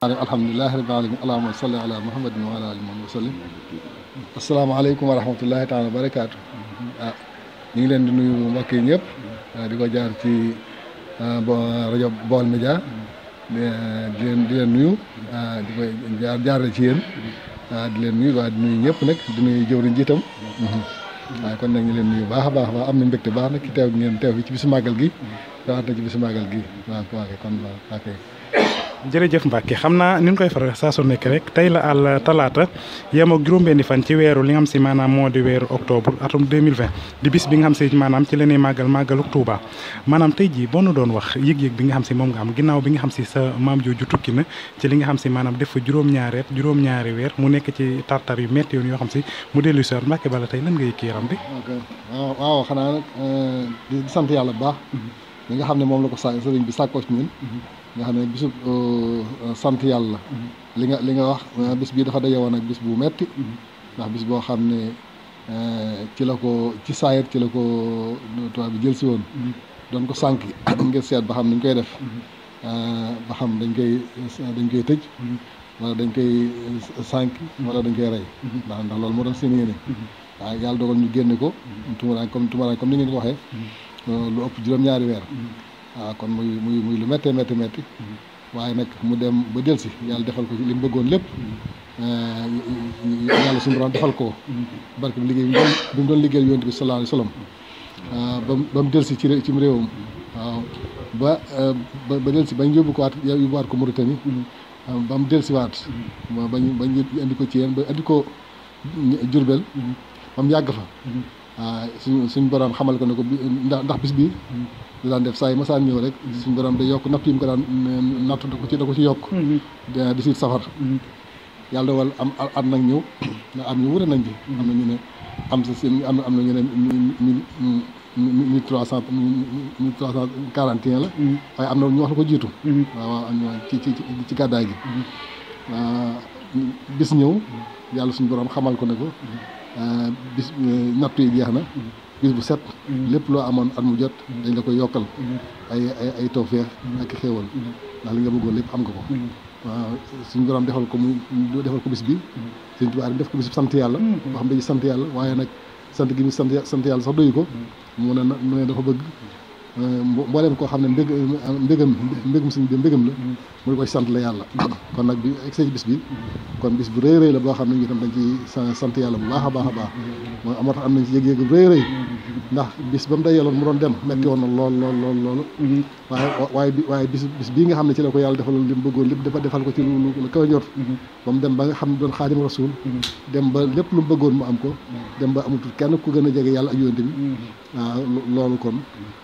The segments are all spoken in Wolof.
alhamdulilah rabbil alamin allahumma salli ala muhammadin wa ala alihi wa sallim asalaamaaleykum wa rahmatullahi taala wa barakaatu ah ñu ngi leen di nuyu mbokk yi ñëpp ah, di ko jaar ci ah, rajo Baol Média di leen di leen nuyu ah, di koy jaar jaarale ci yéen ah, di leen nuyu waa di nuyu ñëpp nag di nuyu jëwriñ ji itam waaye mm-hmm. ah, kon nag ñu leen nuyu baax baax baax am na mbégte baax nag ci teew ngeen teew fi ci bisu màggal gi rawatina ci bisu màggal gi waaw waaw kon waaw jërëjëf Mbacke xam naa ni nu koy faral saa su nekk rek tey la àll talaata yem ak juróom-benni fan ci weeru li nga xam si maanaam moo di weeru octobre atum 2020 di bis bi nga xam si maanaam ci la ñuy màggal màggalu Touba maanaam tey jii boo nu doon wax yëg-yëg bi nga xam si moom nga am ginnaaw bi nga xam si sa maam jooju tukki na ci li nga xam si maanaam def fa juróom-ñaareet juróom-ñaari weer mu nekk ci tartar yu métti yoon yoo xam si mu dellu soir Mbacke bala tey lan nga yëg xanaa euh, sant yàlla bu baax mhm. nga xam ne moom la ko sa sëriñ bi sàkkoo ci ñun mhm. nga xam ne bisub euh, euh, sant yàlla mm-hmm. li nga li nga wax euh, bis bii dafa dajewoon ak bis bu metti mm-hmm. ndax bis boo xam ne ci la ko ci saayir ci la ko tubaab bi jël si woon mm-hmm. doon ko sànq ngir seet ba xam dañ koy def ba xam dañ koy dañ koy tëj wala dañ koy sànq wala dañ koy rey ndax ndax loolu moo doon seen yéene waaw yàlla dogal ñu génne ko tumuraan comme tumuraan comme ni ngeen ko waxee lu ëpp juróom-ñaari weer waaw ah, kon muy muy muy lu méttee métti métti waaye nag mu dem ba delsi yàlla defal ko li mu bëggoon lépp eh, yàlla suñu borom defal ko barke bi liggéey bi mu doon liggéeyal yonent bi sallallahu alayhi wasallam ah, ba ba delsi ci ci réewam waaw ba eh, ba delsi bañ yóbbu ko waat yóbbuwaat ko Mauritanie ah, ba mu delsiwaat bañ bañ indi ko ci Thiès ba indi ko Diourbel ba mu yàgg fa suñu ah, suñu borom xamal ko ne ko ndax bis bi da daan def saa yi masaan ñëw rek suñu borom day yokk natt yi mu ko daan natt da ko ci da ko ci yokk mhm. di siit safar mhm. yàlla wal am at nag ñëw na am ñu wute nañ ci am na ñu ne am sa seen am am na ñu ne mille trois cent mille trois cent la mhm. waaye am na ñu wax la ko jiitu waaw waaw ci ci ci gàddaay gi ah, bis ñëw yàlla suñu borom xamal ko ne ko Euh, bis euh, natt yi jeex na bis bu set lépp loo amoon at mu jot dañ la koy yokkal ay ay ay tawfeex ak xéewal ndax li nga bëggoon lépp am nga ko waaw suñu borom defal ko mu defal ko bis bi suñ tubaab def ko bis bu sant yàlla boo xam dañuy sant yàlla waaye nag sant gi mu sant sant yàlla sax doyu ko mu ne mu ne dafa bëgg Euh, mboolem koo xam ne mbég mbégam mbégum suñ mbégam la mm-hmm. mu di koy sant la yàlla mm-hmm. kon nag bi egg ci bis bi kon bis bu rëy rëy la boo xam ne ñu tam dañ ci sant yàlla bu baax a baax a baax mm-hmm. mooy am nañ ci yëg-yëg bu rëy rëy ndax bis ba mu day yaloon mu doon dem metti woon na lool lool lool loolu waaye waaye waaye bis bii nga xam ne ci la ko yàlla defaloon li mu bëggoon lépp dafa defal ko ci lu lu kaw njort ba mu dem ba nga xam ne doon xaadim rasul dem ba lépp lu mu bëggoon mu am ko dem ba amatul kenn ku gën a jege yàlla ak yónte bi Ah, loolu kon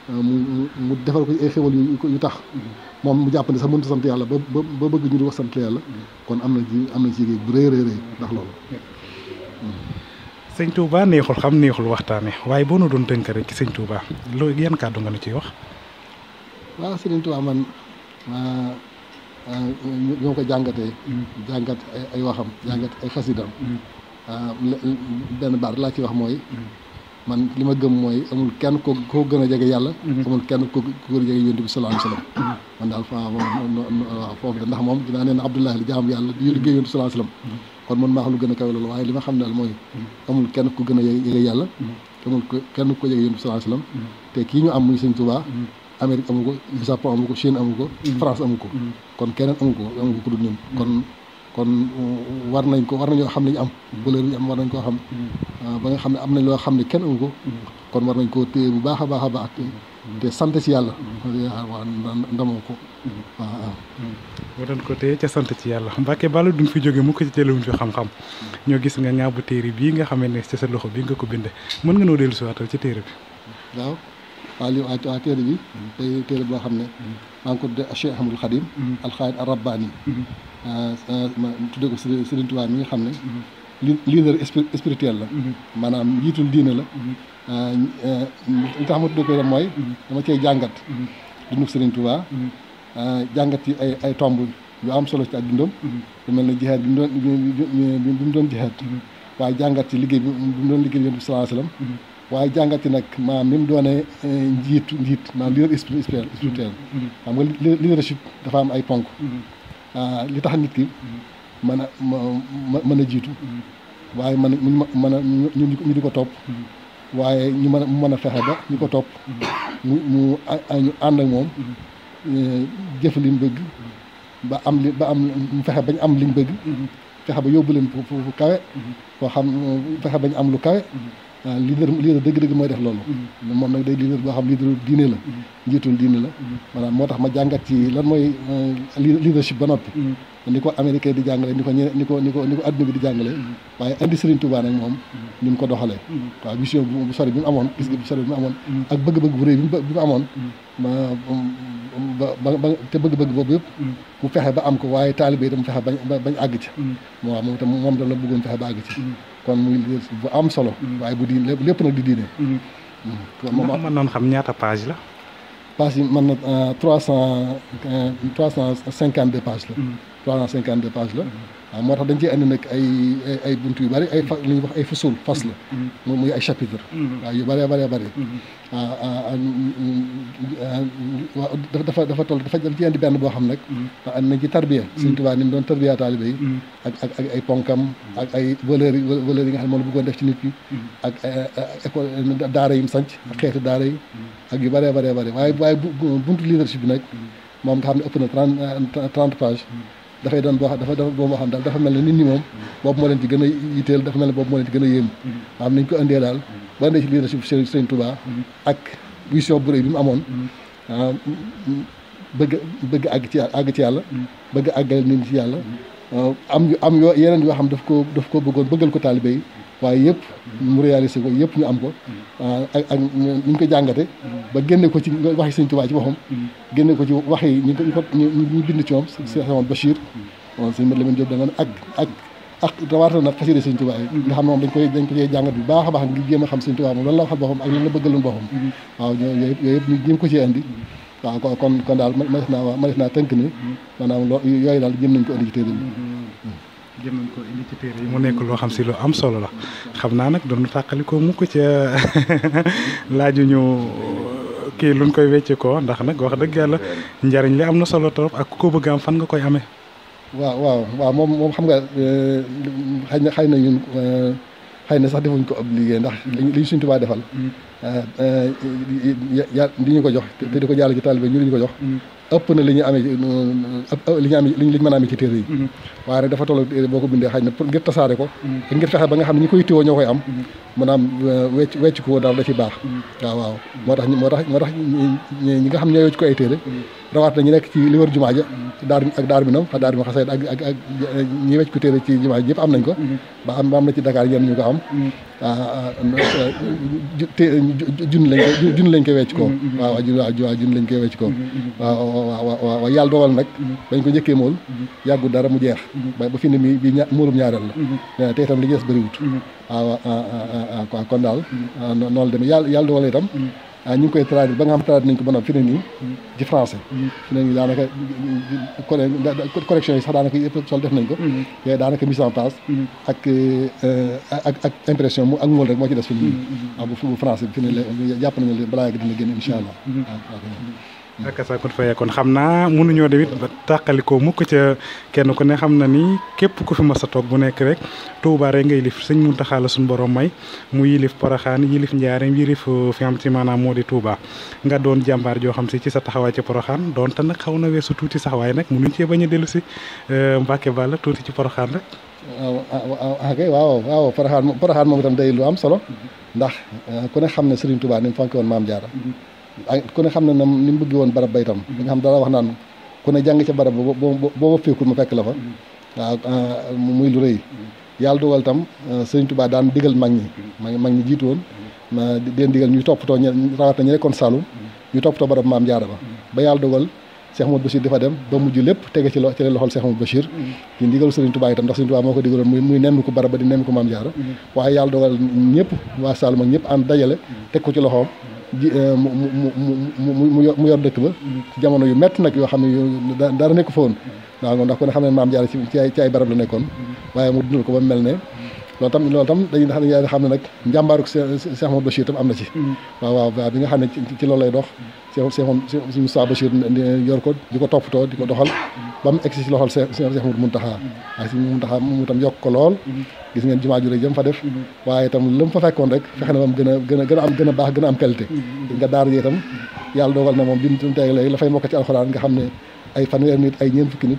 ah, mu mu defal ko ay xéwal yu tax moom mu jàpp ne sax mënut sant yàlla ba ba bëgg ñu di wax sant yàlla kon am na ci am na ci liggéey bu rëy rëy rëy ndax loolu. sëñ Touba neexul xam neexul waxtaane waaye boo nu doon tënk rek ci sëñ Touba loo yan kàddu nga nu ciy wax. waaw sëñ Touba man ah, ñoo ko jàngatee. jàngat ay waxam jàngat ay xasidam. Mm. benn baat laa ci wax mooy. Mm. man li ma gëm mooy amul kenn ko ko gën a jege yàlla mhm. amul kenn ko ko gën a jege yonent bi sallallahu alayhi wasallam mhm. man daal fa waaw foofu da ndax moom dinaa neen abdoulahi li jaam yàlla yu liggéey yonent bi sallallahu alayhi mhm. kon man maa xam lu gën a kawe loolu waaye li ma xam daal mooy amul kenn ko gën a jege yàlla amul kenn ko jege yonent bi sallallahu te kii ñu am muy sëñ Tuubaa Amérique ko Japon amu ko Chine amu ko France amu ko kon keneen amu ko amu ko ku dul kon kon war nañ ko war nañoo xam ne ñu am valeur bi am war nañ koo xam mm. ba nga xam ne am nañ loo xam ne kenn amu ko mm. kon war nañ koo téye bu baax a baax a baax mm. te sant ci yàlla waaw ndamoo ko waaw waaw war nañ ko téye ca sant ci yàlla fi jóge mukk ci teelewuñ fi xam-xam ñoo gis nga ñaabu téere bii nga xamee ne ci sa loxo bi nga ko bind mën nga noo dellu si waatal ci téere bi waa waa téere bi day téere boo xam ne maa ngi ko tuddee Cheikh Ahmadul Khadim alxaayid ar rabbaani euh, tudde ko Sëriñ Tuubaa mi nga xam ne leader spirituel la maanaam njiitul diine la euh, li tax ma tudde ko mooy dama cey jàngat dundug Sëriñ Tuubaa euh, jàngat yi ay ay tomb yu am solo ci ak dundam lu mel ne jihaad bi mu doon bi mu doon jihaad waaye jàngat ci liggéey bi mu doon liggéey yonent bi sallallahu alayhi wasallam waaye jàngati nag maam ni mu doonee eh, njiitu njiit maam leader spirituel mm-hmm. xam nga leadership dafa am ay ponk mm-hmm. ah, li tax nit ki mm-hmm. mën a mën a jiitu waaye mën mën a ñu di ko topp waaye ñu mën a mën a fexe ba ñu ko topp mu mu ñu ànd ak moom eh, jëf li mu bëgg ba am li ba am fexe bañ am li mu bëgg fexe ba yóbbu leen fu kawe koo xam fexe bañ am lu kawe waaw ah, leader leader dëgg-dëgg mooy def loolu mm. moom nag day leader boo xam leader diine la mm. njiitul diine la maanaam moo tax ma jàngat ci lan mooy euh, leadership ba noppi mm. ni ko américain di jàngale ni ko ñe ni ko ni ko ni adduna bi di jàngale waaye indi Serigne Touba nag moom ni mu ko doxalee waaw vision bu sori bi mu amoon bu sori bi mu amoon ak bëgg-bëgg bu réy bi mu amoon ma um, ba ba te bëgg-bëgg boobu yëpp mu fexe ba am ko waaye taalibe itam mu fexe ba bañ àgg ci waaw moom itam moom itam la bëggoon fexe ba àgg ci kon muy bu am solo. Mm-hmm. waaye bu diin lépp lépp nag di mm-hmm. mm-hmm. moom mën nañu xam ñaata page la. page yi mën na euh, trois cent euh, trois cent cinquante deux page 352 pages la ah, moo tax dañ ciy andi nag ay ay bunt yu bëri ay fa li ñuy wax ay fasul fas la mm-hmm. moom muy ay chapitre mm-hmm. waaw yu bëree bëree bëri waaw dafa dafa toll dafa dañ ci andi benn boo xam nag mm-hmm. ah, nañ ci tarbiya Sëriñ Tuubaa ni mu doon tarbiya taalibe yi ak ak ay ponkam ak ay valeur valeurs yi nga xam ne moom la def ci nit ki ak eh, eh, école eh, daara yi mu sanc ak xeetu daara yi ak yu bëree bëree bëri waaye waaye buntu leadership bi nag moo nga xam ne ëpp na trente trente pages dafay doon boo xam dafa dafa boo moo xam daal dafa mel ne nit ñi moom boobu moo leen ci gën a yitteel dafa mel ne boobu moo leen ci gën a yéem mm-hmm. am nañ ko indee daal mm-hmm. ba indee ci leadership Sëriñ Touba mm-hmm. ak vision bu rëy bi mu amoon ah, bëgg bëgg àgg ci àgg ci yàlla bëgg àggal nit ñi ci yàlla ah, am am yoo yeneen yoo xam daf ko daf ko bëggoon bëggal ko taalibe yi waaye yëpp mu réalisé ko yëpp ñu am ko ah, ak ak ñu ko jàngate ba génne ko ci waxi sëñ Tuubaa ci boppam génne ko ci waxi ñu ko ñu bind ci moom Seexoon Bachir moom sëñ Mat Lamin Jóob da nga ak ak ak rawatina nag xasida sëñ Tuubaa yi nga xam ne moom koy dañ ko cee bu baax a baax ngir génn xam sëñ Tuubaa moom lan la waxal boppam ak lan la bëggaloon boppam waaw ko ci andi waaw kon kon daal man def naa ma def naa tënk ni maanaam loo yooyu daal jëm nañ ko andi ci téere bi jëmale ko indi mu nekk loo xam si lu am solo la xam naa nag doon tàqali ko mukk ca laaju kii luñ koy wecce ko ndax nag wax dëgg yàlla njariñ li am na solo trop ak ku ko bëgg fan nga koy amee. waaw waaw waaw moom xam nga euh, xëy na xëy na ñun. Euh, xëy na sax defuñ ko ab liggéey ndax li Sëriñ Tuubaa defal mm. eh, eh, ya li ñu ko jox te di ko jàll ci taalibe ñu li ñu ko jox mm. ëpp na li ñu amee mm, li ñu amee li ñu mën a amee ci téere yi mm-hmm. waaye nag dafa toll eh, boo ko bindee xëy na pour ngir tasaare ko ngir fexe ba nga xam ne ñi koy téewoo ñoo koy am maanaam mm-hmm. wecc wecc ko daal da ci baax mm-hmm. waaw waaw moo tax moo tax moo tax ñi nga xam ne ñoo ci ko ay téere rawaat na ñu nekk ci li wër jumaa ja daar ak daar bi nam a daar bi xasayit ak ak ak ñi wecc ko téere ci jumaa ji yëpp am nañ ko mm-hmm. ba am am na ci Dakar yenn ñu ko am mm-hmm. ah, ah, jun lañ ko jun lañ ko wecc koo waaw waaw jun lañ koy wecc koo waaw waaw yàlla dogal nag mm-hmm. bañ ko jëkkee mool yàggu dara mu jeex ba ba fi ne mi bi móolum ñaareel la eh, te itam li ci des bëriwut ah, waaw kon daal noonu la demee yàlla yàlla dogal tam Ah, ñu koy traduire ba nga xam traduire nañ ko ba noppi fi ne nii ci français fi ne nii daanaka correction yi sax daanaka yëpp sol nañ ko yooyu mm-hmm. daanaka en place mm-hmm. euh, ak impression ak ngool rek moo ci des fi ne nii mm-hmm. ah, bu français bi fi ne jàpp nañu balaa yàgg dina génn incha allah ah, ak sa kon xam naa mënuñoo dem it ba tàqalikoo mukk ca kenn ku ne xam na ni képp ku fi mas a toog bu nekk rek Touba rek ngay lif sëñ Muntaxa la suñu borom may mu yilif Poroxaan yilif Njaareem yilif uh, fi am ci maanaam moo di Touba nga doon jàmbaar joo xam si ci sa taxawaay ci Poroxaan donte nag xaw na weesu tuuti sax waaye nag mënuñ cee bañ a dellu si uh, Mbàkke Balla tuuti ci Poroxaan rek. waaw waaw waaw Poroxaan Poroxaan moom itam day lu am solo mm-hmm. ndax uh, ku ne xam ne Serigne Touba ni mu fonke woon Maam Jaara mm-hmm. ku ne xam ne nam ni mu bëgg woon barab ba itam bi nga xam dara wax naan ku ne jàng ca barab ba boo ma fekkul ma fekk la fa waaw ah, muy lu rëy yàlla dogal tam ah, sëriñ Tuubaa daan digal mag ñi mag ñi jiitu woon di leen digal ñu toppatoo ñu rawat na ñu nekkoon Saalum ñu toppatoo barab maam jaara ba ba yàlla dogal Cheikh Modou Bachir dafa dem ba mujj lépp tege ci lo ci loxol Cheikh Modou Bachir ci ndigalu Serigne Touba itam ndax Serigne Touba moo ko digaloon muy muy nemmi ko barab ba di nemmi ko maam jaara waaye yàlla dogal ñëpp waa Saalum ak ñëpp ànd dajale teg ko ci loxoom ji eh, mu mu mu mu mu yor dëkk ba. ci jamono yu métti nag yoo xam ne yu dara nekk fa woon. waaw ndax kon xam ne maam Jaara ci ay ci nekkoon. waaye mu dundal ko ba mu mel ne. loolu tam loolu tam dañuy xam ne nag njàmbaaru Cheikh Mouhamed tam am na ci. waaw waaw nga xam ne ci loolu lay dox. Cheikh Cheikh Moussa Bachir yor ko di ko di ko doxal. ba mu egsi ci loxol Cheikh Cheikh Mouhamed Mountakha. waaye si mu tam yokk ko lool. gis ngeen jumaa ju rëy jëm fa def waaye itam la fa fekkoon rek fexe na moom gën a gën a gën a am gën a baax a am qualité nga daar ji itam yàlla dogal na moom bi mu tumu tey la fay mokka alxuraan nga xam ne ay fanweer nit ay ñeent fukki loo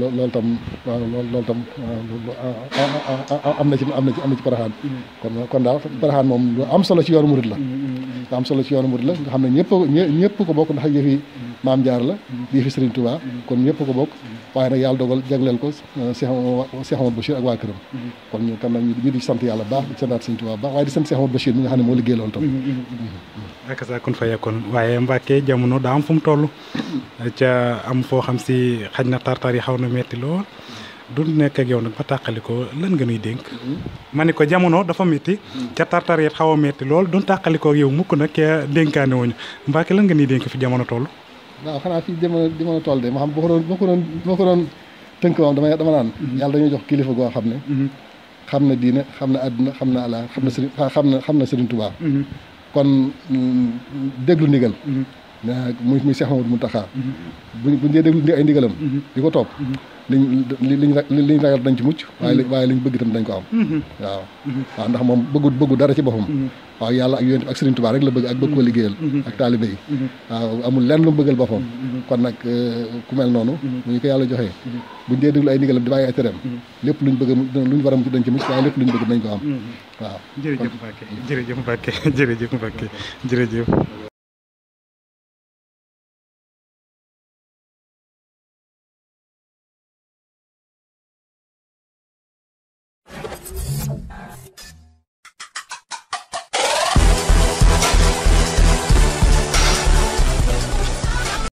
loolu tam waaw am na ci am am na ci paraxaan kon kon daal paraxaan moom lu am solo ci yoonu murid la lu am solo ci yoonu murid la nga xam ne ñëpp ñëpp ko bokk ndax yëfi maam jaar la yëfi Serigne Touba kon ñëpp ko bokk waaye nag yàlla dogal jagleel ko euh, Cheikh Cheikh Amadou Bachir ak waa këram mm-hmm. kon ñu kan nag ñu di sant yàlla baax di santaat Sëñ Tuubaa baax waaye di sant Cheikh Amadou Bachir mi nga xam ne moo liggéey loolu tam mm-hmm, mm-hmm. ak sa kon fa yekkoon waaye Mbàkke jamono daa am fu mu toll ca am foo xam si xaj na tartar yi xaw na metti lool du nekk yow nag ba tàqali ko lan nga nuy dénk ma ne ko jamono dafa métti ca tartar yi xaw a metti lool du tàqali ko yow mukk nag dénkaane wuñu Mbàkke lan nga nuy dénk fi jamono toll waaw xanaa fii jamono jamono toll de ma xam bu ko doon bu ko doon bu ko doon tënk moom dama dama naan mhm. yàlla dañoo jox kilifa goo xam ne mhm. xam na diine xam na àdduna xam na ala xam na sëriñ xam na xam na sëriñ Tuubaa mhm. kon mm, déglu ndigal muy muy Cheikh Mamadou Mountakha mhm. buñ buñ dee déglu ay ndigalam mhm. di ko topp mhm. liñ liñ liñ ragal dañ ci mucc waaye waaye liñ bëgg itam dañ ko am waaw waaw ndax moom bëggu bëggu dara ci boppam waaw yàlla ak yonent ak Serigne Touba rek la bëgg ak bëgg ko liggéeyal ak taalibe yi waaw amul lenn lu mu bëggal boppam kon nag euh, ku mel noonu bu ñu ko yàlla joxee buñ dee déglu ay ndigalam di bàyyi ay tereem lépp luñ bëgg luñ war a mucc dañ ci mucc waaye lépp luñ bëgg dañ ko am waaw jërëjëf Mbacke jërëjëf Mbacke jërëjëf Mbacke